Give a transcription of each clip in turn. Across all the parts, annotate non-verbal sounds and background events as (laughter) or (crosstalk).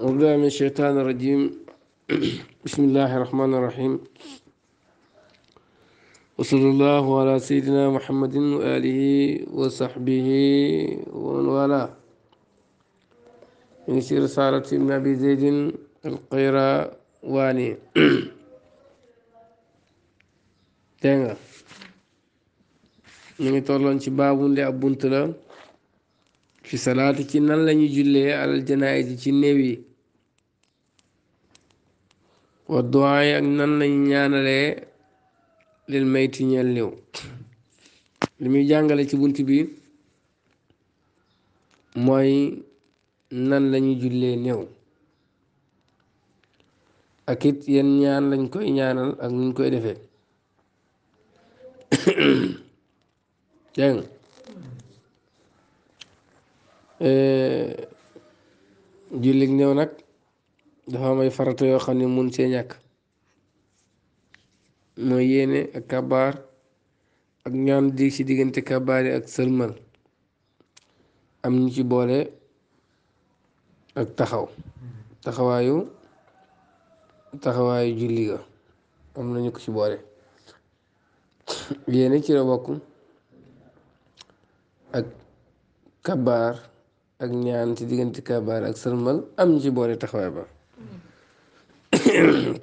أعوذ من الشيطان الرجيم (clears throat) بسم الله الرحمن الرحيم وصلى الله على سيدنا محمد وآله وصحبه ومن والاه من سير سارة ابن أبي زيد القيرواني تنغا نمي طولان شبابون لأبنت له fi salaati ci nan lañu jullee alal ji ci néew yi wa duwaay ak nan lañu ñaanalee lil mayti ñeel néew li muy jàngale ci bunt bi mooy nan lañu jullee néew ak it yen ñaan lañ koy ñaanal ak nuñ koy defee (coughs) dégg jullit new nag dafa am farata yoo xam ne mun see ñàkk mooy yéene ak kabaar ak ñaan di ci diggante kabaar ak sëlmal am ñu ci boole ak taxaw taxawaayu taxawaayu julli ga am nañu ko ci boole yéene ci la bokk ak kabaar ak ñaan ci diggante kabaar ak sëlmal am ñu ci boole taxawaay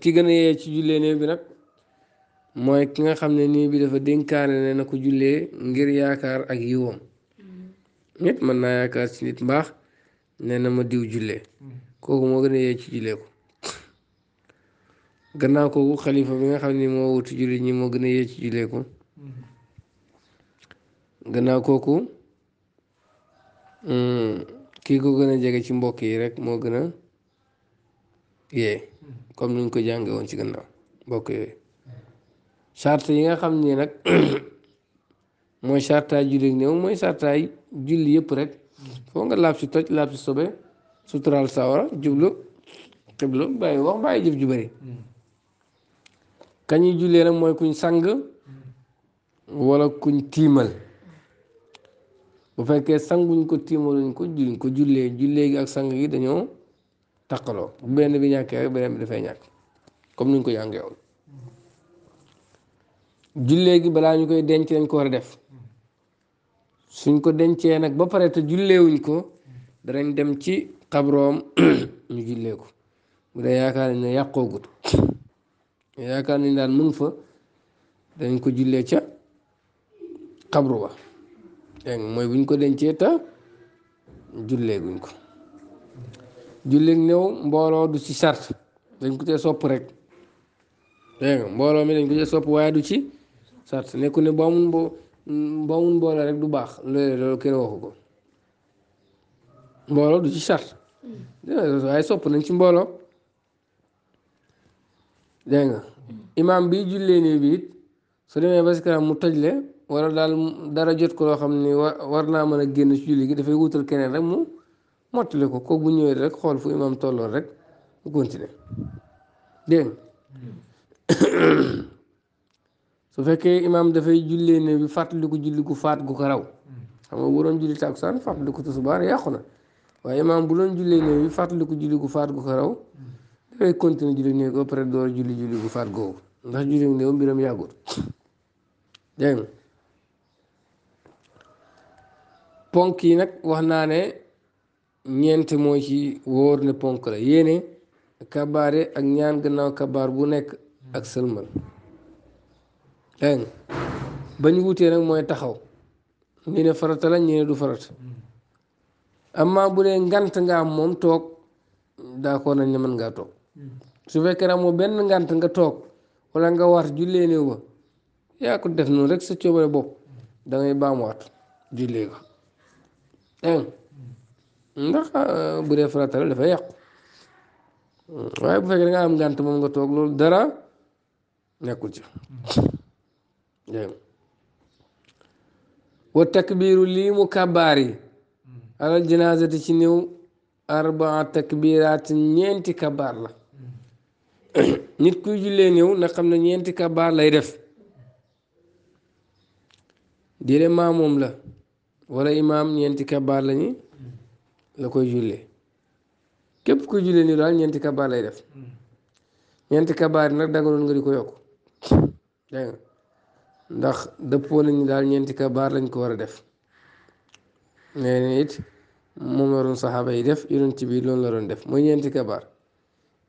ki gën a yee ci bi nag mooy ki nga xam ne néew bi dafa dénkaane ne na ko jullee ngir yaakaar ak yiwam nit mën naa yaakaar ci nit mbaax nee na ma diw jullee kooku moo gën a yee ci jullee ko gannaaw kooku xalifa bi nga xam ne moo wutu ñi moo gën a yee ci ko kooku kii ko gën a jege ci mbokk yi rek moo gën a yee comme ni ñu ko jànge woon ci gannaaw mbokk yooyu charte yi nga xam ni nag mooy chartaay julli mooy chartaay julli yëpp rek foo nga laab si toj laab si sobe suturaal sawara jublu xiblu bàyyi wax bàyyi jëf ju bëri kañuy jullee nag mooy kuñ sang wala kuñ tiimal bu fekkee sanguñ ko tiimaluñ ko julliñ ko jullee jullee gi ak sang gi dañoo taqaloo bu benn bi ñàkkee rek beneen bi dafay ñàkk comme nuñ ko jàngee woon jullee gi balaa ñu koy denc dañ ko war a def suñ ko dencee nag ba pare te wuñ ko danañ dem ci xabroom (coughs) ñu jullee ko bu dee yaakaar nañ ne yàqoogut (coughs) yaakaar nañ daal mën fa dañ ko jullee ca xabru dégg mooy buñ ko dencee ta jullee guñ ko julleeg néew mbooloo du ci sart dañ ko ci sopp rek dégg mbooloo mi dañ ko cee sopp waaye du ci sart nekku ne boo amul boo rek du baax loolu loolu ko mbooloo du ci sart waaye sopp nañ ci mbooloo dégg nga imaam bi jullee néew bi it su demee ba si kanam mu wala daal dara jot ko loo xam ni war naa mën a génn ci julli gi dafay wutal keneen rek mu mottali ko ko bu ñëwee rek xool fu imaam tolloon rek mu continuer dégg (coughs) su fekkee imaam dafay jullee ne bi fàttaliku julli gu faat gu ko raw xam nga bu doon julli takusaan fàttaliku tusubaar yàqu na waaye imaam bu doon jullee ne fàttaliku julli gu faat gu ko raw dafay continuer julli ne ko après door julli julli gu faat googu ndax julli ne mbiram yàggul (coughs) dégg ponk yi nag wax naa ne ñeent mooy ci wóor ne ponk la yéene kabaare ak ñaan gannaaw kabaar bu nekk ak sëlmal dégg ba ñu wutee nag mooy taxaw ñu ne farata la ñu ne du farata amma bu dee ngant nga am moom toog d'accord nañ ne mën ngaa toog su fekkee ne amoo benn ngant nga toog walla nga war jullee néew ba yaa ko def noonu rek sa coobare bopp da ngay baamuwaat jullee ko dégg eh. ndax eh, bu dee farata la dafa yàqu waaye bu fekkee danga am ngànt moom nga toog loolu dara nekkul ci dégg wa takbiiru lii mu kabaar yi alal di ci néew arbaa takbiraat ñeenti kabaar la nit kuy jullee néew na xam ne ñeenti kabaar lay def dire maa moom la wala imaam ñeenti kabaar lañu la koy jullee képp koy jullee nii daal ñeenti kabaar lay def ñeenti kabaar nag dagaloon nga di ko yokk dégg nga ndax dëppoo daal ñeenti kabaar lañ ko war a def nee na it moom la doon saxaaba yi def yonent bi loolu la doon def mooy ñeenti kabaar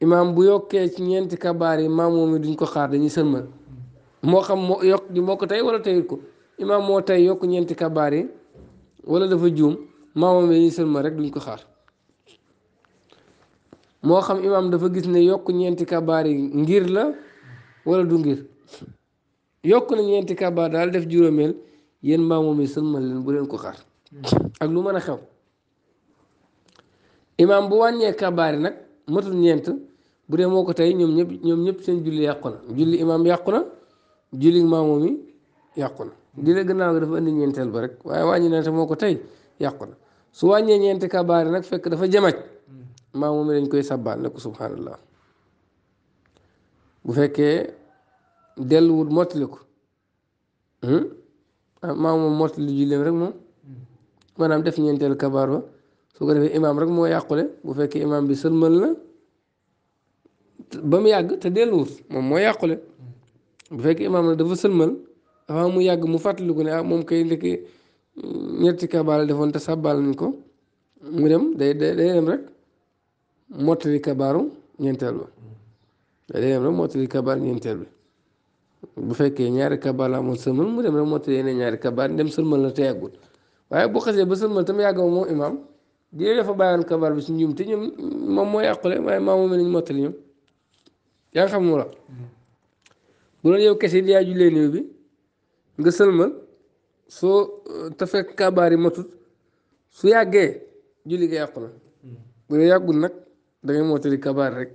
imaam bu yokkee ci ñeenti kabaar yi maam duñ ko xaar dañuy sëlmal moo xam moo yokk di moo ko tey wala ko imaam moo tey yokk ñeenti kabaar yi. wala dafa juum maamam yi sëlma rek duñ ko xaar moo xam imaam dafa gis ne yokk ñeenti kabaar ngir la wala du ngir yokk na ñeenti kabaar daal def juróomeel yéen maamam yi sëlma leen bu leen ko xaar ak lu mën a xew imaam bu wàññee kabaar nag matul ñeent bu dee moo ko tey ñoom ñëpp ñoom ñëpp seen julli yàqu na julli imaam yàqu na julli maamam yi yàqu na di la gannaaw gi dafa indi ñeenteel ba rek waaye wàññi na te moo ko tey yàqu na su wàññee ñeenti kabaar nag fekk dafa jamaj maa mm. moom dañ koy sabbaal ne ko subhanallah bu fekkee delluwut mottali ko hmm? ah, maa moom mottali julleem rek moom mm. maanaam def ñeenteel kabaar ba su ko defee imaam rek moo yàqule bu fekkee imaam bi sëlmal la ba mu yàgg te delluwut moom moo yàqule mm. bu fekkee imaam nag dafa sëlmal avant mu yàgg mu fàttaliku ne ah moom kay ndekki mm, ñetti kabaar defoon te sàbbaal nañ ko mu dem day day dem rek mottali kabaaru ñeenteel ba day dem rek mottali kabaar bi bu fekkee ñaari kabaar la amoon sëlmal mu dem rek mottali yeneen ñaari kabaar dem sëlmal la te yàggul waaye bu xasee ba sëlmal tam yàgg moom imaam di dafa bàyyoon kabaar bi si ñoom te ñoom moom moo yàqule waaye maa moom lañ mottali ñoom yaa nga xam mu la mm-hmm. bu doon yow kese di yaa jullee néew bi nga sëlmal soo euh, te fekk kabaar yi matut su yàggee julli ga yàqu na hmm. bu dee yàggul nag da ngay mootali kabaar rek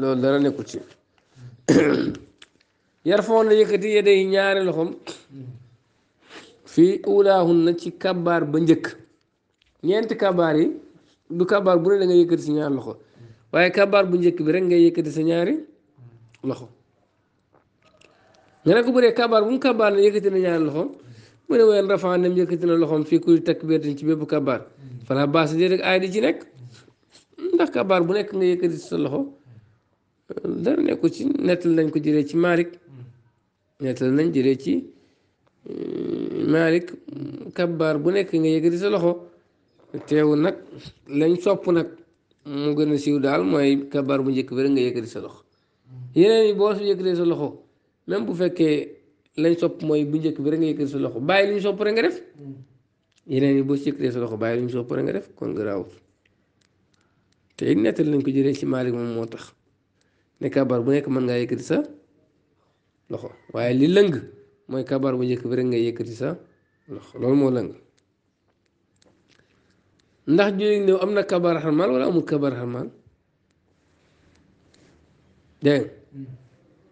loolu dara nekkul ci hmm. (coughs) yar foon na yëkkati yedde yi ñaari loxom hmm. fii ulaahun na ci kabaar ba njëkk ñeenti kabaar yi du kabaar bu ne da nga yëkkati si ñaari loxo waaye kabaar bu njëkk bi rek ngay yëkkati sa ñaari loxo nga ne ko bu kabaar bu mu kabaar na yëkkati na ñaari loxoom mu ne ween rafaa nem yëkkati na loxoom fii kuy takbiir ci bépp kabaar fala baas dee rek di ci nekk ndax bu nekk nga yëkkati sa loxo dara nekku ci nettal nañ ko jëlee ci Malik nettal nañ jëlee ci euh, Malik kabaar bu nekk nga yëkkati sa loxo teewu nag lañ sopp nag mu gën a siiw daal mooy kabaar bu njëkk bi nga yëkkati sa loxo yeneen yi boo su yëkkatee sa loxo même bu fekkee lañ sopp mooy bu njëkk bi rek nga yëkkati sa loxo bàyyi li ñu sopp rek nga def yeneen yi boo si sa loxo bàyyi li ñu sopp rek def kon garaaw te it nettal lañ ko jëlee ci Maalik moom moo tax ne kaabar bu nekk mën ngaa yëkkati sa loxo waaye li lëng mooy kabar bu njëkk bi rek nga yëkkati sa loxo loolu moo lëng ndax jullit néew am na kabar xarmaal wala amul kabar xarmaal dégg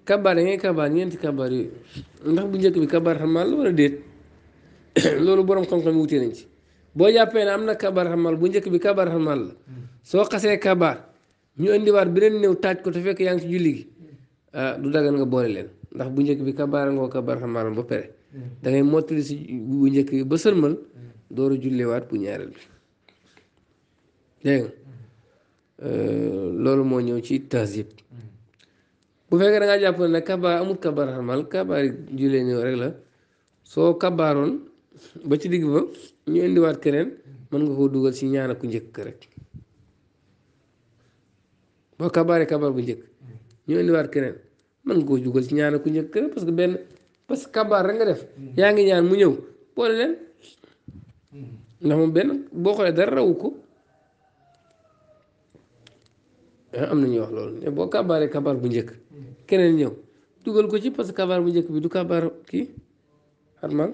Kabar ya ngay kabaar kabar kabaar yooyu ndax bu ñëk bi kabar xamal la wala deet lolu borom xam-xam wuté nañ ci bo jappé na amna kabar xamal bu ñëk bi kabar xamal so xasse kabar ñu andi indiwaat beneen néew taaj ko te fekk yaang ci julli gi ah du dagan nga boole leen ndax bu ñëk bi kabar ngoo kabar xamal ba pere hmm. da ngay motri si bu ñëk bi ba sërmal door a bu ñaaral bi dégg euh lolu mo ñew ci tazib hmm. bu fekkee da ngaa jàpp nag kabaar amul kabaar xamal kabaar jullee ñëw rek la soo kabaaroon ba ci digg ba ñu indiwaat keneen mën nga koo dugal ci ñaana ku njëkk rek boo kabaaree kabaar bu njëkk ñu indiwaat keneen mën koo dugal ci ñaana ku njëkk rek parce que benn parce que kabaar rek nga def yaa ngi ñaan mu ñëw boole leen ndax moom benn boo xoolee dara rawu ko ah, am na ñuy wax loolu boo kabaaree kabaar bu njëkk. keneen ñëw dugal ko ci parce que kabaar bu njëkk bi du kabaar kii armal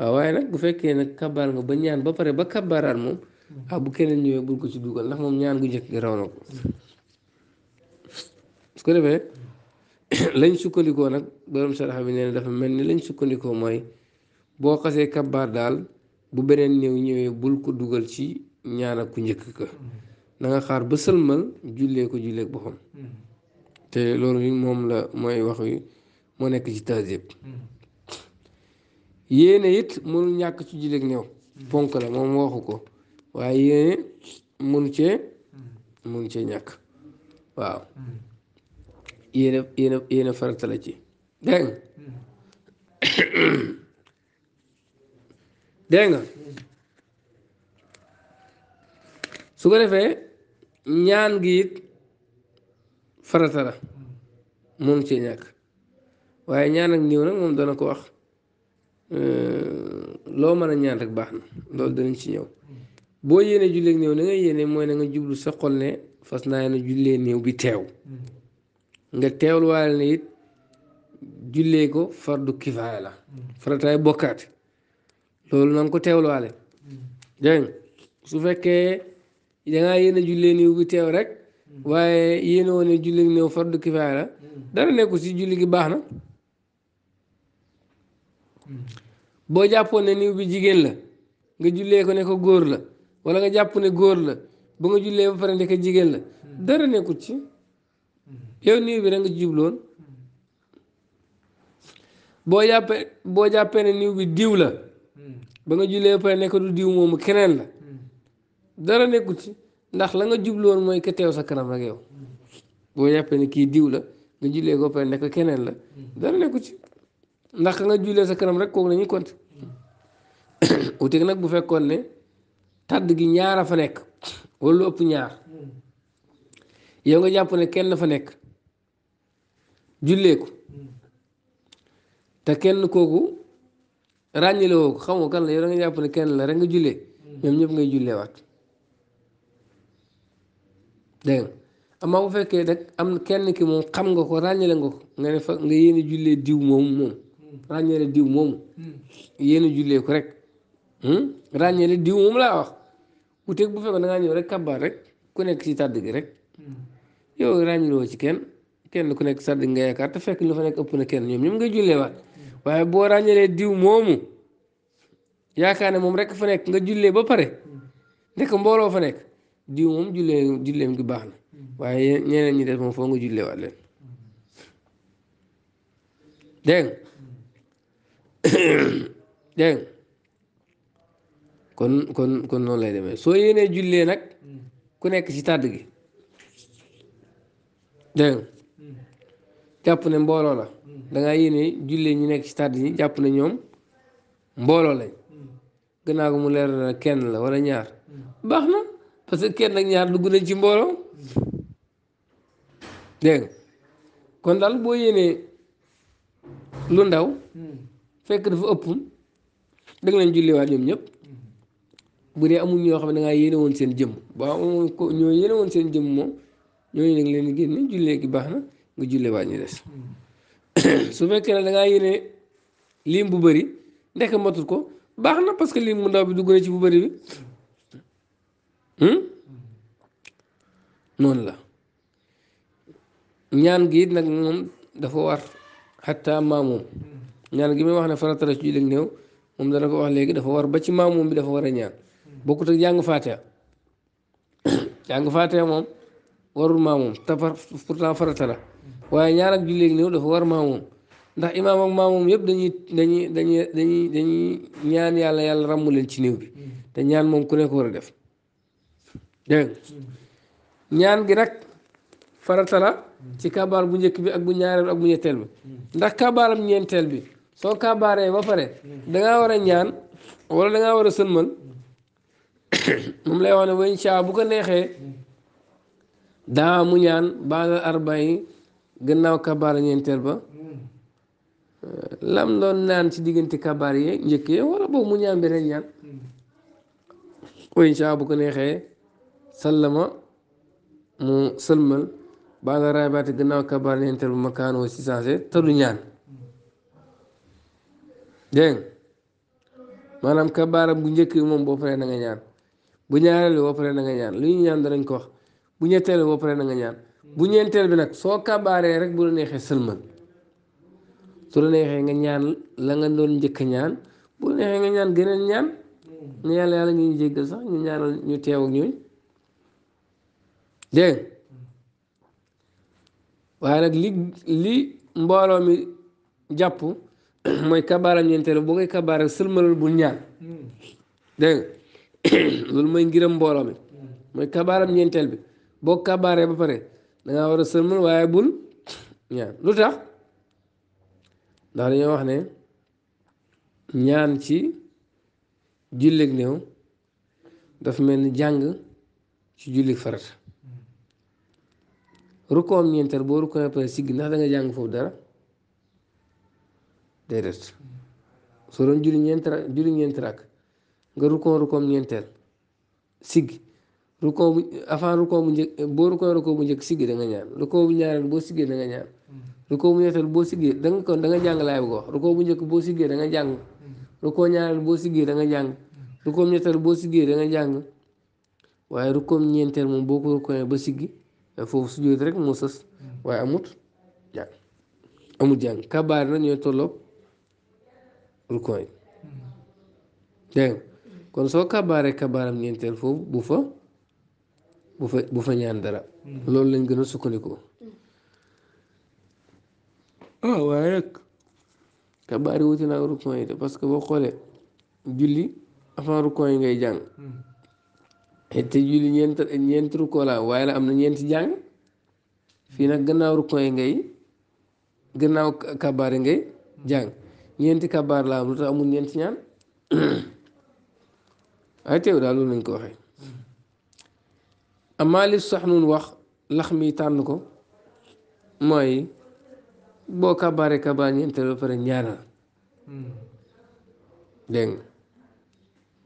waaw waaye nag bu fekkee nag kabaar nga ba ñaan ba pare ba kabaaraat moom ah bu keneen ñëwee bul ko ci dugal ndax moom ñaan gu njëkk gi raw na ko su ko defee (coughs) lañ sukkandikoo nag borom sarax bi nee dafa mel ni lañ sukkandikoo mooy boo xasee kabaar daal bu beneen ñëw ñëwee bul ko dugal ci ñaan ak ku njëkk ka mm-hmm. nanga xaar ba sëlmal jullee ko julleeg boppam mm-hmm. te loolu moom la mooy wax moo nekk ci taajib yéene it mënul ñàkk ci jullit néew ponk la moom waxu ko waaye yéene mun cee mun cee ñàkk waaw yéene yéene yéene ci dégg nga dégg nga su ko defee ñaan gi it farata la moom cee ñàkk waaye ñaan ak néew nag moom dana ko wax loo mën a ñaan rek baax na loolu danañ ci ñëw boo yéenee julleeg néew da ngay yéene mooy na nga jublu sa xol ne fas naa yéene jullee néew bi teew nga teewul waale ne jullee ko fardu kifaaya la farataay bokkaate loolu na ko teewul waale dégg su fekkee da ngaa jullee néew bi teew rek waaye yéen a woon ne julli néew fardu kifaaya la dara nekku si julli gi baax na boo jàppoon ne néew bi jigéen la nga jullee ko ne ko góor la wala nga jàpp ne góor la ba nga jullee ba pare nekk jigéen la dara nekkut ci néew bi rek nga jubloon boo jàppee boo jàppee néew bi diw la ba nga jullee ba pare du diw moomu keneen la dara nekkut ci ndax la nga jubloon mooy ka teew sa kanam ak yow boo yàppee ne kii diw la nga jullee ko pare nekk keneen la dara nekku ci ndax nga jullee sa kanam rek kooku la ñuy compte (coughs) utig nag bu fekkoon ne tàdd gi ñaar a fa nekk wala lu ëpp ñaar yow nga jàpp ne kenn fa nekk jullee ko te kenn kooku ràññale woo ko xamoo kan la yow da nga jàpp ne kenn la rek nga jullee ñoom ñëpp ngay jullee waat dégg nga amaa bu fekkee rek am kenn ki moom xam nga ko ràññale nga ko nga ne fa nga yéene jullee diw moom moom ràññale diw moomu yéene jullee ko rek hmm? ràññale diw moom laa wax wuteeg bu fekkoon da rek kabaar rek ku nekk ci tàdd gi rek yow ràññaloo ci kenn kenn ku nekk ci tàdd nga fekk lu fa nekk ëpp na kenn ñoom ñoom nga jullee waat waaye boo ràññalee diw moomu yaakaar ne moom rek fa nekk nga jullee ba pare ndek mbooloo fa nekk. diw moom jullee julleem gi baax na waaye ñeneen ñi def moom foo nga jullee waat leen dégg (coughs) kon kon kon noonu lay demee soo yéenee jullee nag ku nekk ci tàdd gi dégg jàpp ne mbooloo la dangaa yéene jullee ñu nekk ci tàdd ñi jàpp ne ñoom mbooloo lañ mm. gannaaw ko mu leer na kenn la wala ñaar mm. baax na parce que kenn ak ñaar dugg nañ ci mbooloo dégg kon daal boo yéenee lu ndaw fekk dafa ëpp da nga julliwaat ñoom ñëpp bu dee amul ñoo xam ne da ngaa yéene woon seen jëm ba amoon ko ñoo yéene woon seen jëmm moom ñooñu da nga leen génne jullee gi baax na nga waa ñu des (coughs) su fekkee ne da yéene liim bu bari ndekk matut ko baax na parce que lim bu ndaw bi dugg na ci bu bari bi. Hmm? noonu la ñaan gi nag moom dafa war xatta maamoom ñaan gi may wax ne farata la ci jullit néew moom dana ko wax léegi dafa war ba ci maamoom bi dafa war a ñaan bokkut ak jàng faatiha (coughs) jàng faatiha moom warul maamoom te pourtant farata la waaye ñaan ak jullit néew dafa war maamoom ndax imaam ak maamoom yëpp dañuy dañuy dañuy dañuy dañuy ñaan yàlla yàlla ràmmu leen ci néew bi hmm. te ñaan moom ku nekk war a def dégg ñaan gi nag farata ci kabaar bu njëkk bi ak bu ñaareel ak bu ñetteel bi ndax kabaaram ñeenteel bi soo kabaaree ba pare dangaa war a ñaan wala dangaa war a sëlmal (coughs) moom lay wax ne wa insha bu ko neexee daa mu ñaan gannaaw kabaar ñeenteel ba lam doon naan ci diggante kabaar yee njëkk yee wala boobu bu ko neexee sallama mu sëlmal baa nga raabaati gannaaw kabaar ñeenteel bu makaanoo si sensé te du ñaan dégg maanaam kabaaram bu njëkk bi moom boo paree na nga ñaan bu ñaareel bi boo na nga ñaan lu ñu ko wax bu ñetteel bi boo paree na ñaan bu ñeenteel bi nag soo kabaaree rek bu la neexee sëlmal su la neexee nga ñaan la nga doon njëkk ñaan bu la neexee nga ñaan gëneen ñaan ñu yàlla yàlla ñu jéggal sax ñu ñaanal ñu teew ñu dégg waaye nag li li mbooloo mi jàpp (clears throat) mooy kabaaram ñeenteel boo koy kabaaral sëlmalal bul ñaan dégg (clears throat) loolu mooy ngiram mbooloo mi mooy kabaaram ñeenteel bi boo kabaaree ba pare da war a sëlmal waaye bul (clears throat) ñaan lu tax ndax dañoo wax ne ñaan ci jullig néew dafa mel ni jàng ci jullig farata rukkoo am ñeenteel boo rukkoo après sigg ndax da nga jang fo dara déedéet soo doon julli ñeent juri julli ñeent rakk nga rukkoo rukkoo am ñeenteel sigg rukkoo bu avant rukkoo bu njëkk boo rukkoo rukkoo bu njëkk sigg da nga ñaan rukkoo bu ñaareel bo siggee da nga ñaan rukkoo bu ñeenteel bo siggee da nga ko da nga jang lay ko wax rukkoo bu njëkk boo siggee da nga jang rukkoo ñaareel bo siggee da nga jàng rukkoo ñetteel bo siggee da nga jàng waaye rukkoo ñeenteel moom boo ko ba siggi foofu sujjóot rek moo sës waaye amut jàng amut jàng kabaar na tolloog rukkoo yi kon soo kabaaree kabaaram ñeenteel foofu bu fa ñaan dara loolu lañ gën a sukkandikoo ah waaye nag kabaar yi wuti naa rukkoo de parce que boo xoolee julli avant rukkoo yi ngay jàng hmm. te julli ñeent ñeent rukkoo la waaye la am na ñeenti jàng fii nag gannaaw rukkoo yi ngay gannaaw kabaar ngay jàng ñeenti kabaar la am lu tax amul ñeenti ñaan (clears throat) ay teew daal loolu lañ ko waxee amaa li sax nun wax lax mi tànn ko mooy boo kabaaree kabaar ñeenteel ba pare ñaanal hmm. dégg nga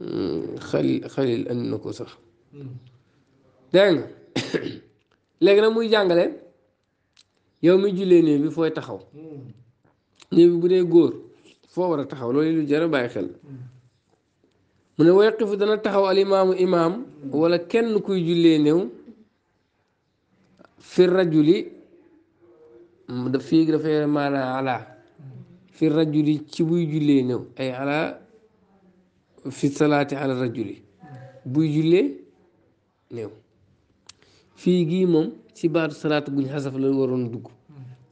hmm, xalil xalil andi na ko sax (coughs) dégg nga (coughs) léegi nag muy jàngale yow mi jullee néew bi fooy taxaw hmm. néew bi bu dee góor foo war a taxaw loolu lu jar bàyyi xel mu ne wayaqifu dana taxaw al imaamu imaam wala kenn kuy jullee néew fi rajuli daf fii dafay maanaa ala fi rajuli ci buy jullee néew ay ala fi salaati ala rajuli buy jullee néew fii gii moom ci baatu salaat buñ xasaf la waroon dugg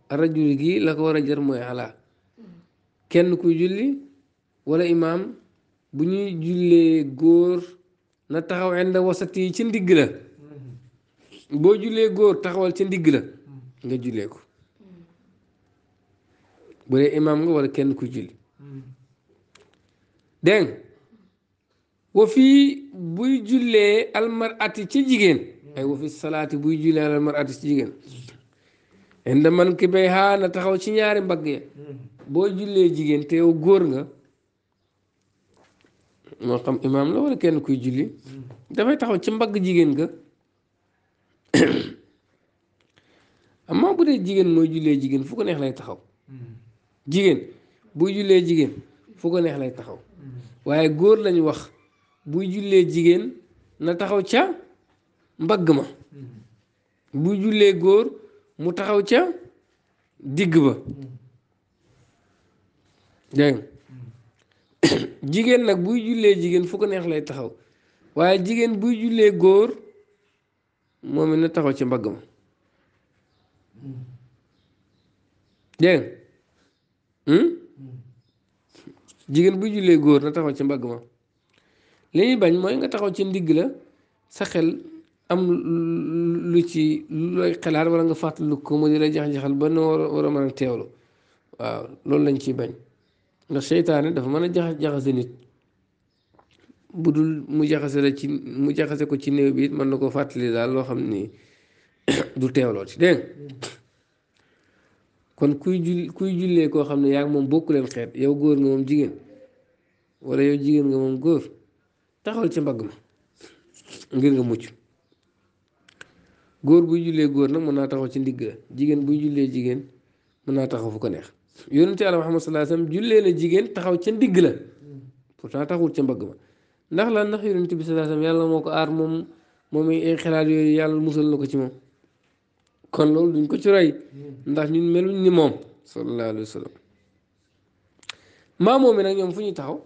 rajul gii la ko war a jar mooy alaa kenn kuy julli wala imaam bu ñuy jullee góor na taxaw ànd wasat ci ndigg la boo jullee góor taxawal ci ndigg la nga jullee ko bu dee imaam nga wala kenn kuy julli mm. dégg wa fii buy jullee almarati ci jigéen ay wa fi salaati buy jullee almarati ci jigéen inda man ki bay haa taxaw ci ñaari mbagg ya boo jullee jigéen te yow góor nga moo xam imaam la wala kenn kuy julli dafay taxaw ci mbagg jigéen nga (coughs) amma bu dee jigéen mooy jullee jigéen fu ko neex lay taxaw hmm. jigéen buy jullee jigéen fu ko neex lay taxaw hmm. waaye góor lañu wax buy jullee jigéen na taxaw ca mbagg ma mm-hmm. buy jullee góor mu taxaw ca digg ba mm-hmm. mm-hmm. (coughs) jigéen nag buy jullee jigéen fu ko neex lay taxaw waaye jigéen buy jullee góor moom it na taxaw ci mbagg ma hmm? jigéen buy jullee góor na taxaw ca mbagg ma li bañ mooy nga taxaw ci ndigg la sa xel am lu ci looy xelaat wala nga fàttaliku ko mu di la jax ba noo war a mën a teewlu waaw loolu lañ ci bañ nga seytaane dafa mën a jax-jaxase nit bu dul mu jaxase la ci mu jaxase ko ci néew bi it mën na koo fàttali daal loo xam ni (coughs) du teewloo ci dégg kon kuy jul kuy jullee koo xam ne yaa ngi moom bokk leen xeet yow góor nga moom jigéen wala yow jigéen nga moom góor taxawal ci mbagg ma ngir nga mucc góor buy jullee góor nag mën naa taxaw ci ndigg la jigéen buy jullee jigéen mën naa taxaw fu ko neex yonente Yàlla Muhammad sallallahu alayhi wasallam jullee na jigéen taxaw ca ndigg la pourtant taxawul ca mbagg ma ndax la ndax yonente bi sallallahu alayhi yàlla moo ko aar moom moom ay xalaat yooyu yàlla musal na ko ci moom kon loolu duñ ko ci ndax ñun meluñ ni moom sallallahu alayhi wasallam maamoom mi nag ñoom fu ñuy taxaw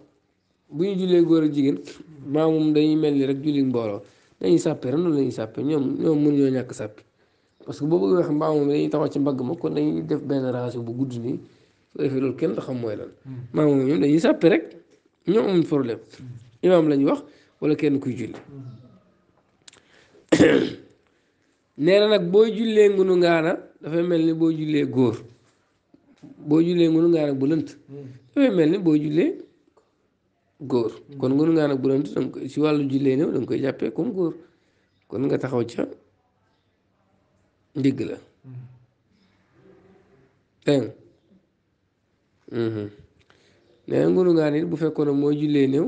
bu ñu jullee góor ak jigéen maamum dañuy mel ni rek julli mbooloo dañuy sàppe rek noonu lañuy sàppee sàppe ñoom ñoom mënuñoo ñàkk sàppi parce que boo bëggee wax maamum dañuy taxaw ci mbagg ma kon dañuy def benn raxasu bu gudd nii su defee loolu kenn xam mooy lan hmm. ñoom dañuy sàppe rek ñoom amuñ problème hmm. imaam lañ wax wala kenn kuy julli hmm. nag boo jullee ngunu ngaana dafay mel ni boo jullee góor boo jullee ngunu ngaana bu dafay mel ni boo jullee góor kon ngunu hmm. ngaan ak burantu danga koy si wàllu jullee néew danga koy jàppee comme góor kon nga taxaw ca ndigg la hmm. dégg hmm. nee na ngunu ngaan it bu fekkoon mooy jullee néew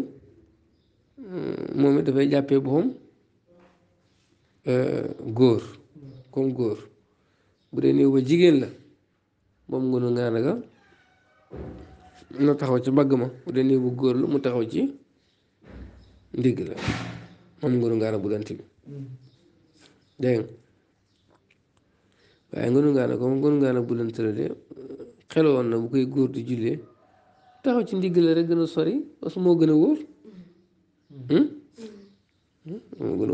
moom it dafay jàppee boppam euh, góor comme góor bu dee néew ba jigéen la moom ngunu ngaan ga na taxaw ci mbagg ma bu dee néew bu góor la mu taxaw ci ndigg la moom ngënu ngaana bu dant bi dégg waaye ngënu ngaana ko moom ngënu ngaana bu la de xeloon na bu koy góor di jullee taxaw ci ndigg la rek gën a sori parce que moo gën a wóor hmm? moo gën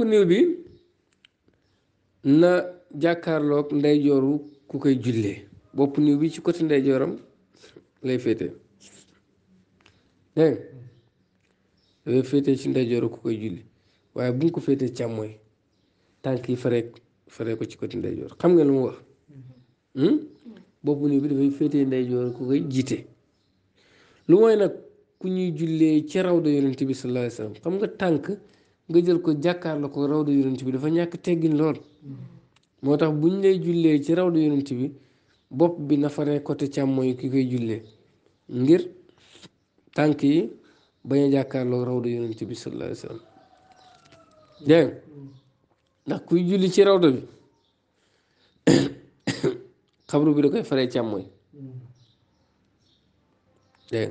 a néew bi na jàkkaarloog ndeyjooru ku koy jullee bopp niw bi ci côté ndeyjooram lay féete dégg dafay féete ci ndeyjooru ku koy julli waaye bu ñu ko féete càmmooy tànk yi faree faree ko ci côté ndeyjoor xam nga lu mu wax hmm? Hmm? bopp niw bi dafay féetee ndeyjoor ku koy jiite lu mooy nag ku ñuy jullee ci rawda yonent bi sallallahu alayhi xam nga tànk nga jël ko jàkkaar ko rawda yonent bi dafa ñàkk teggin lool hmm. moo tax bu ñu lay jullee ci rawda yonent bi bopp bi na faree côté càmmooñ ki koy jullee ngir tànk yi bañ a jàkkaarloo rawda yonent bi sallallahu alayhi ndax kuy julli ci rawda bi (coughs) xabru bi da koy fare càmmooñ dégg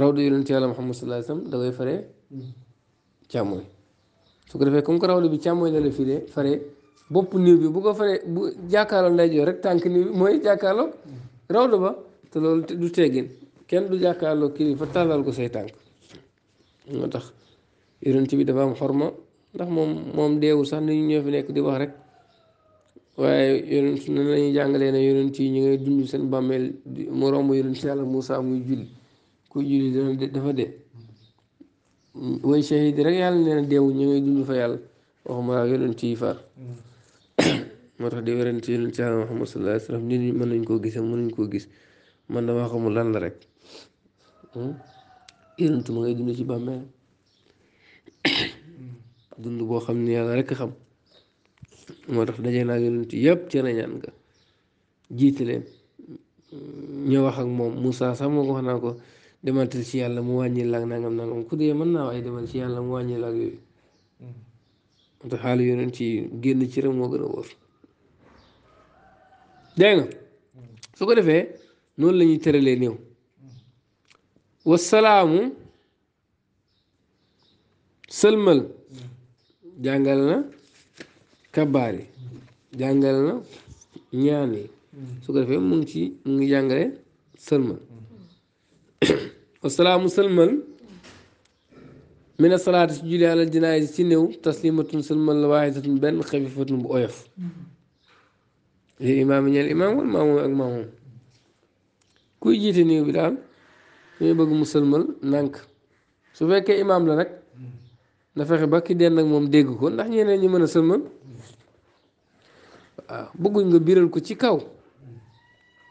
rawda yonent yàlla Muhammad sallallahu alayhi wa da koy fare mm-hmm. càmmooñ su ko defee comme que rawda bi càmmooñ la la firee bopp niir bi bu ko faree bu jàkkaarloo ndeyjoor rek tànk niir bi mooy jàkkaarloo rawdu ba te loolu du teggin kenn du jàkkaarloo kilifa tàllal ko say tànk moo tax yonent bi dafa am xorma ndax moom moom deewul sax ni ñoo fi nekk di wax rek waaye yonent nan lañuy jàngalee ne yonent yi ñu ngay dund seen bàmmeel mu romb yonent yàlla Moussa muy julli kuy julli dana dafa dee way shahid rek yàlla nee na deewul ñu ngay dund fa yàlla waxuma yonent yi far mm. moo tax di werante ci yonent Yàlla mën nañ koo gis mën nañ koo man damaa xamul lan la rek hmm? yonent (coughs) boo xam ne yàlla rek xam moo tax daje naa yonent yëpp ci rañaan nga jiite leen ñu wax moom Moussa sax moo ko wax naa ko dematal ci yàlla mu wàññi laag nangam nangam ku dee mën naa waaye demal ci yàlla mu wàññi laag yooyu hmm. te xaalis yonent yi génn ci moo gën a wóor dégg nga su ko defee noonu la ñuy tëralee néew wasalaamu sëlmal jàngal na kabaar yi jàngal na ñaan yi su ko defee mu ngi ci mu ngi jàngale sëlmal (coughs) wasalaamu sëlmal mina salaati si julli alal janaay ci néew taslimatun sëlmal la waaxidatun benn xafifatun bu oyof li imaam ñeel imaam wala maamu ak maamu kuy jiite néew bi daal dañuy bëgg mu sëlmal nànk su fekkee imaam la nag na fexe ba ki den nag moom dégg ko ndax ñeneen ñi mën a sëlmal waaw bëgguñ nga biral ko ci kaw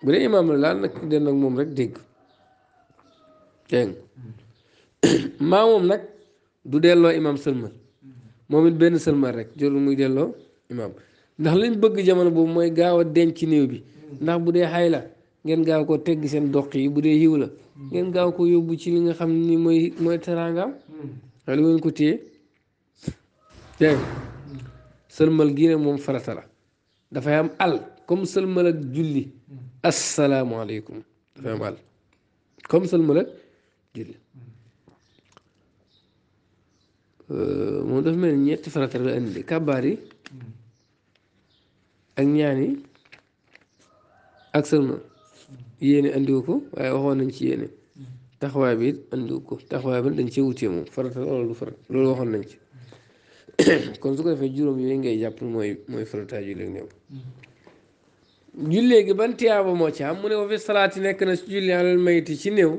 bu dee imaam la daal nag ki den nag moom rek dégg dégg (coughs) maamoom nag du delloo imaam sëlmal moom it benn sëlmal rek jorul muy delloo imaam ndax lañ bëgg jamono boobu mooy gaaw a denc néew bi ndax bu dee xay la ngeen gaaw ko tegg seen doq yi bu dee yiw la ngeen gaaw ko yóbbu ci li nga xam ni mooy mooy teraangaam lu ngeen ko téye dégg sëlmal gii ne moom farata la dafay am al comme sëlmal ak julli asalaamaaleykum dafay am al comme sëlmal ak julli euh, moom dafa mel ñetti farata la indi kabaar ak ñaan ak sëlma yéene andiwu ko waaye waxoon nañ ci yéene taxawaay bi it andiwu ko taxawaay dañ cee wutee moom farata loolu farata loolu waxoon nañ ci (coughs) kon su ko defee juróom yooyu ngay jàpp mooy mooy farataay julli néew jullee gi ban tiyaaba moo ci am mu ne wa fi salaati nekk na si julli alal mayti ci néew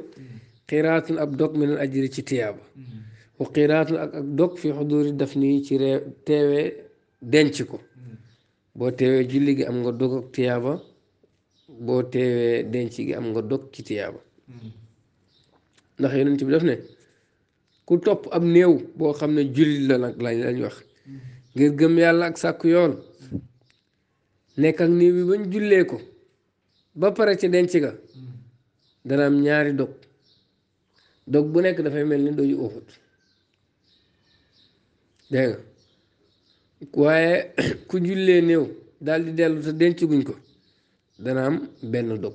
xiraatun ab dog minal ajri ci tiyaaba wa xiraatun ak ak dog fi xuduuri daf nii ci teewee denc ko boo teewee julli gi am nga dog ak tiyaaba boo teewee denc gi am nga dog ci tiyaaba hmm. ndax yonent bi daf ne ku topp ab néew boo xam ne jullit la nag lañ lañ wax hmm. ngir gëm yàlla ak sàkk yoon hmm. nekk ak néew bi bañ jullee ko ba pare ci denc ga dana ñaari dog dog bu nekk dafay mel ni doju uxut waaye (coughs) ku jullee néew dal di dellu sa denc guñ ko dana am benn dog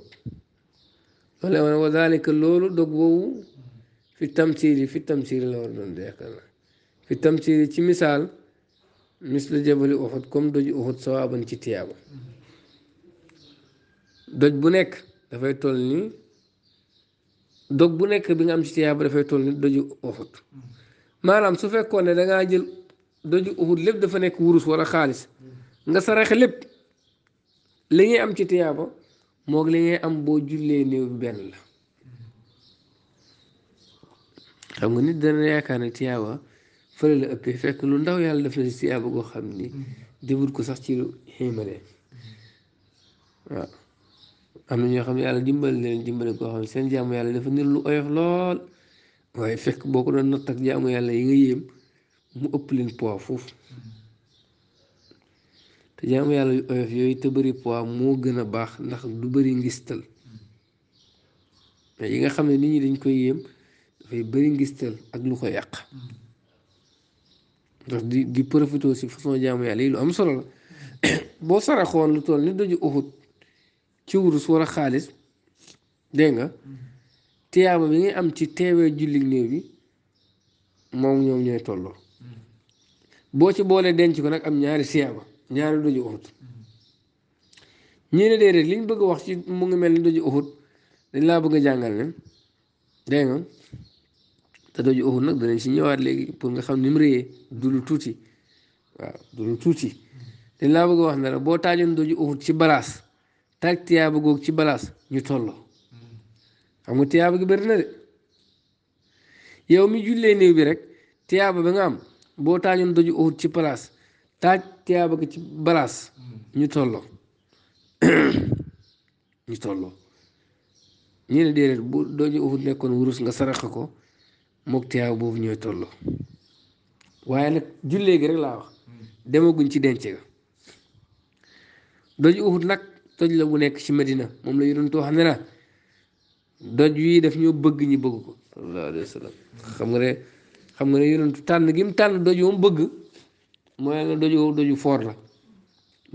loolu wane dog boobu fi tamsiiri fi tamsiiri la war doon yaakaar naa fi tamsiiri ci misaal mislu jabali uxut comme doj uxut sawaaban ci tiyaaba doj bu nekk dafay toll ni dog bu nekk bi nga am ci tiyaaba dafay toll ni doju uxut maanaam su fekkoon dangaa jël doju uhud lépp dafa nekk wurus walla xaalis nga saraxe lépp li ngay am ci tiyaaba moog li ngay am boo jullee néew bi benn la xam nga nit dana yaakaar ne tiyaaba fële la ëppee fekk lu ndaw yàlla def na si tiyaaba goo xam ni début ko sax ci lu xéemale waaw am na ñoo xam ne yàlla dimbali leen dimbali goo xam seen jaamu yàlla dafa nir lu oyof lool waaye fekk boo ko doon natt ak jaamu yàlla yi nga yéem mu ëpp leen poids foofu te jaamu yàlla yu yooyu te bëri poids moo gën a baax ndax du bari ngistal mais yi nga xam ne nit ñi dañ koy yéem dafay bari ngistal ak lu ko yàq ndax di di profité si façon jaamu yàlla yi lu am solo la (coughs) boo saraxoon lu toll ni daju uxut ci wurus war a xaalis dégg nga mm-hmm. tiyaaba bi ngay am ci teewee julli néew bi moom ñoom ñooy tolloo boo ci boolee denc ko nag am ñaari siyaaba ñaari doju uxut ñii ne déedéet liñ bëgg wax ci mu ngi mel ni doju uxut dañ laa bëgg a jàngal ne dégg nga te doju uxut nag danañ ci ñëwaat léegi pour nga xam ni mu réyee tuuti waaw tuuti dañ laa bëgg wax ne la boo taajoon doju uxut ci balaas taaj tiyaaba googu ci balaas ñu tolloo xam nga tiyaaba gi bëri na de yow mi jullee néew bi rek tiyaaba ba nga am boo taajoon doju Uhud ci palaas taaj tiyaaba gi ci balaas ñu tolloo (coughs) ñu tolloo ñu ne déedéet bu doju Uhud nekkoon wurus nga sarax ko mook tiyaaba boobu ñooy tolloo waaye nag jullee gi rek laa wax demaguñ ci denc ga doju nag doj la bu nekk ci Medina moom la yoroon too ne na doj yi daf ñoo bëgg ñi bëgg ko xam nga de xam nga ne yonentu tànn gi mu tànn doj wam bëgg mooy na doj woowu doju foor la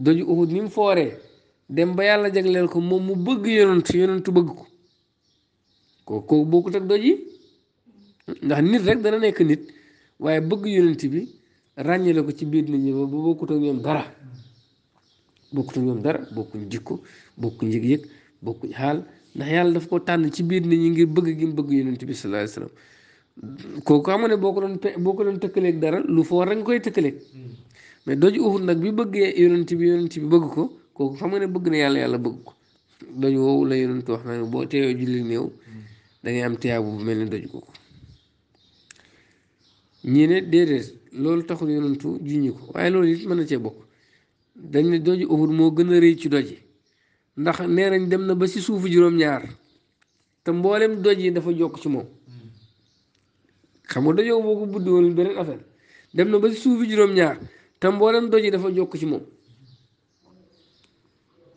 doju uhud ni mu fooree dem ba yàlla jagleel ko moom mu bëgg yonentu yonentu bëgg ko kooku kooku bokkut ak doj yi ndax nit rek dana nekk nit waaye bëgg yonent bi ràññale ko ci biir nit ñi ba bokkut ak ñoom dara bokkut ak dara bokkuñ jikko bokkuñ yëg-yëg bokkuñ xaal ndax yàlla daf ko tànn ci biir nit ñi ngir bëgg gi mu bëgg yonent bi sallallahu alayhi kooku xam nga ne boo ko doon boo ko doon tëkkaleeg dara lu foor rek koy tëkkaleeg hmm. mais doju Uhud nag bi bëggee yonent bi yonent bi bëgg ko kooku xam nga ne bëgg na yàlla yàlla bëgg ko doju woowu la yonent wax na ne boo teewee julli néew hmm. dangay am tiyaabu bu mel ne doju ko ñii ne déedéet loolu taxul yonentu juññi ko waaye loolu it mën na cee bokk dañ ne doju Uhud moo gën a rëy ci doji ndax nee nañ dem na ba si suufu juróom-ñaar te mboolem doj yi dafa jokk ci moom. xam nga dojoo boo ko buddi woon beneen affaire dem na ba si suufi juróom-ñaar te mboolem doj yi dafa jokk ci moom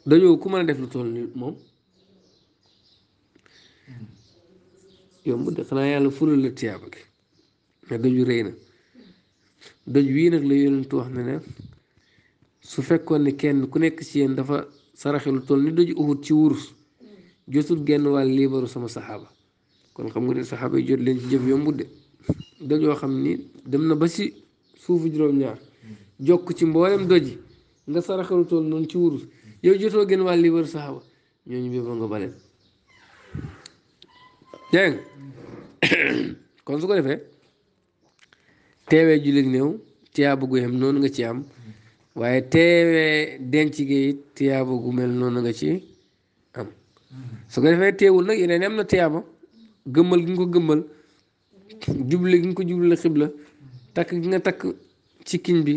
dojoo ku mën a def lu toll nii moom yomb de xanaa yàlla fulal la tiyaaba gi mais na doj wii nag la yonentu wax ne ne su fekkoon ne kenn ku nekk ci yéen dafa saraxe lu toll ni doju uhut ci wurus jotul genn wàll liibaru sama saxaaba kon xam nga ne saxaaba yi jot leen ci jëf yombut de doj yoo xam ni dem na ba ci suufu juróom-ñaar jokk ci mboolem doj yi nga saraxalu tool noonu ci wurus yow jotoo gën wàll wër saxaaba ñooñu bépp nga bale (coughs) kon su ko defee teewee jullit néew tiyaabu gu yem noonu nga ci am waaye teewee denc gi it tiyaabu gu mel noonu nga ci am su ko defee teewul nag yeneen am na tiyaaba gëmmal gi nga ko gëmmal juble gi nga ko juble xibla takk gi nga takk ci kiñ bi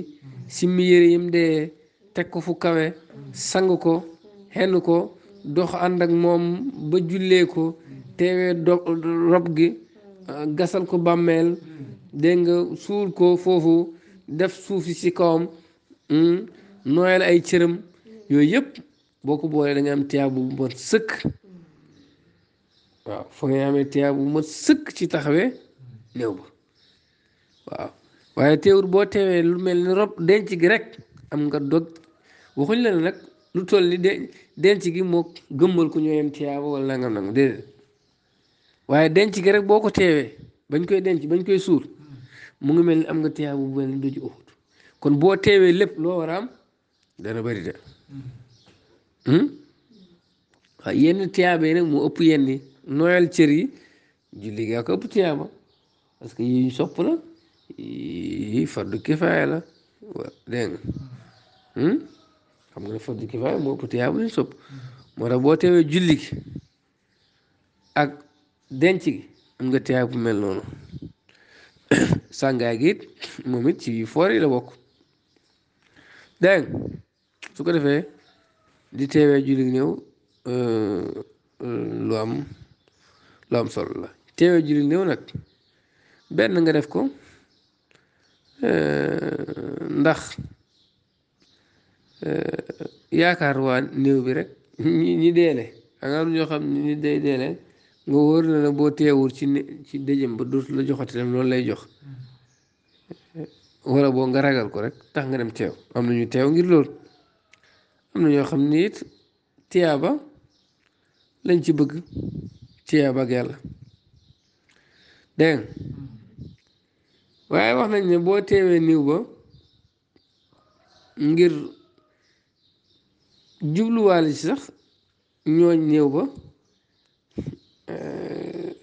simmi yére yim dee teg ko fu kawe sang ko xenn ko dox ànd ak moom ba jullee ko teewee do rob gi gasal ko bàmmeel dégg nga suul ko foofu def suuf si ci kawam hmm, nooyal ay cëram yooyu yëpp boo ko boolee da am tiyaab bu mot sëkk waaw foo nga amee tiyaab bu mot sëkk ci taxawe néew ba waaw waaye boo teewee lu mel ni rob denc gi am nga dog waxuñ la nag lu toll ni denc gi moo gëmmal ku ñooyam tiyaaba wala nangam nangam déedéet waaye denc gi rek boo ko teewee bañ koy denc bañ koy suur mu ngi mel ni am nga tiyaaba bu mel ni doju uxut kon boo teewee lépp loo war a am dana bari de hmm? waaw yenn tiyaaba yi nag moo ëpp yenn nooyal cër yi julli gaa ko ëpp tiyaaba parce que yi ñu sopp la yi fardu kifaaya la dégg nga hmm? xam nga ne fardu kifaaya moo ëpp tiyaaba ñu boo teewee julli ak denc gi am nga tiyaaba bu mel noonu (coughs) sàngaay gi it moom it foor yi la bokk dégg su ko defee di teewee julli gi néew euh, euh, lu am lu am solo la teewee julli néew nag benn nga def ko euh, ndax euh, yaakaar waa néew bi rek ñi ñi deele da nga am ni na boo teewul ci ci dëjëm ba dootu la joxati lam loolu lay jox wala boo nga ragal ko rek tax nga dem teew am na ñu teew ngir loolu am na ñoo xam ni it tiyaaba lañ ci bëgg tiyaaba ak yàlla dégg waaye wax nañ ne boo teewee niw ba ngir jubluwaale ci sax ñooñ néew ko eh,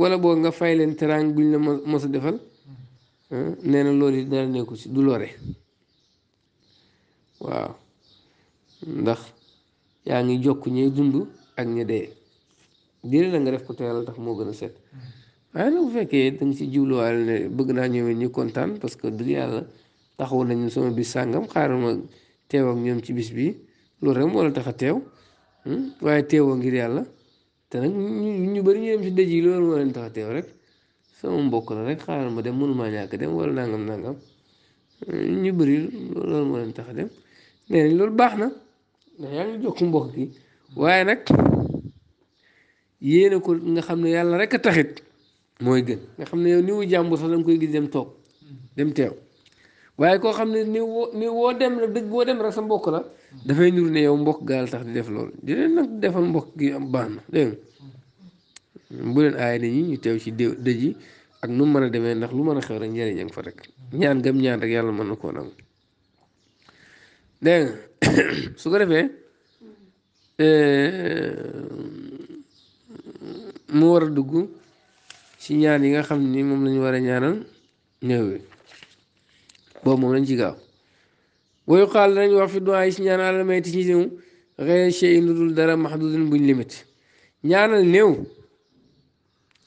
wala boo nga fay leen teraang buñ la mos a defal eh, nee na loolu yi dara nekku ci du lore waaw ndax yaa ngi jokk ñay dund ak ña dee diire la nga def ko te yàlla tax moo gën a set waaye ah, nag bu fekkee da nga ci jubluwaale ne bëgg naa ñoom ñu kontaan parce que dëgg yàlla taxaw nañu sama bis sàngam xaaral ma teew ak ñoom ci bis bii loolu rek moo la tax a teew hmm? waaye teewoo ngir yàlla te ñu bëri ñu dem ci tax a teew rek sama mbokk la rek xaaral ma dem mënumaa ñàkk dem wala nangam nangam ñu bëri loolu moo leen tax a dem nee nañ loolu baax na ndax yaa ngi jokk mbokk gi waaye nag yéene ko nga xam ne yàlla rek a taxit. mooy gën nga xam ne yow niwu jàmbur sax da koy gis dem toog dem teew waaye koo xam ne ni woo ni woo dem rek dëgg boo dem rek sa mbokk la dafay nuru ne yow mbokk gaal tax di def lool di nag defal mbokk gi am baax na dégg nga bu leen aay nit ñi ñu teew ci dëj yi ak nu mën a demee ndax lu mën a xew rek njëriñ a fa rek ñaan gam ñaan rek yàlla mën na koo nangu dégg (coughs) su ko defee eh, mu war a dugg ci ñaan yi nga xam ni moom lañu war a ñaanal néew bi boobu moom lañ ci gaaw booy xaal wax fi duwaay ci ñaan àlla mayti ci néew xëy chey lu dul dara maxdudin buñ limité ñaanal néew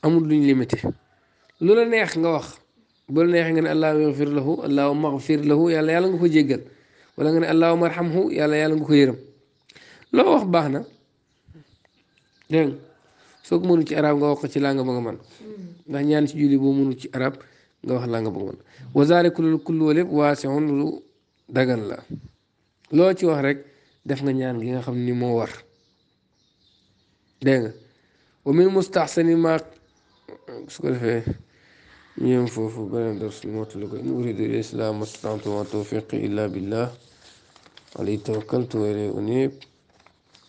amul luñ limité lu la neex nga wax bu la neexee nga ne allahuma yaxfir lahu allahuma axfir lahu yàlla yàlla nga ko jéggal wala nga ne allahuma arxamhu yàlla yàlla nga ko yërëm loo wax baax na soo ko mënul ci arab nga wax ko ci langa ba nga mm. ñaan ci julli ci arab nga wax langa ba nga man wasaare kulul kullu wala waasiun dagan la loo ci wax rek def nga ñaan gi nga xam ni moo war dégg nga wa min mustaxsani ma su ko defee ñoom foofu beneen dars moo tudd ko in uridu l islam mastata'tu wa tawfiqi illa billah alayhi tawakkaltu wa